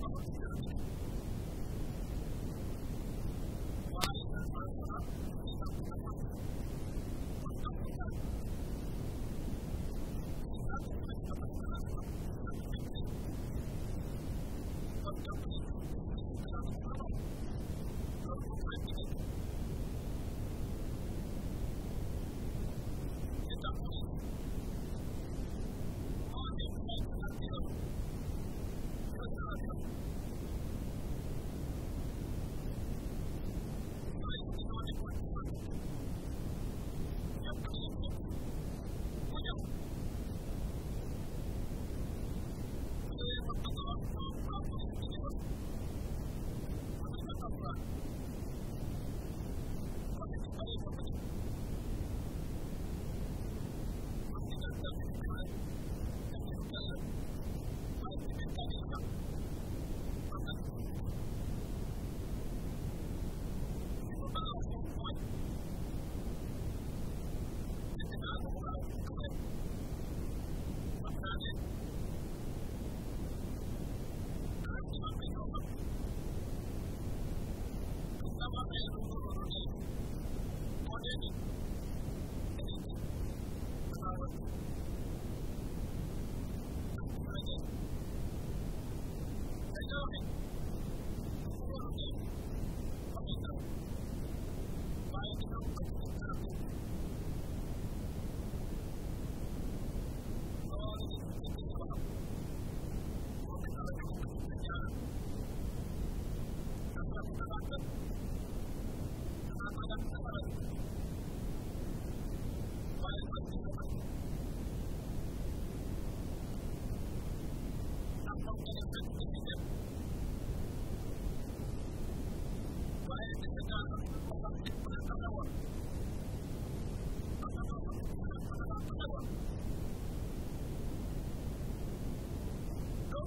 Thank you.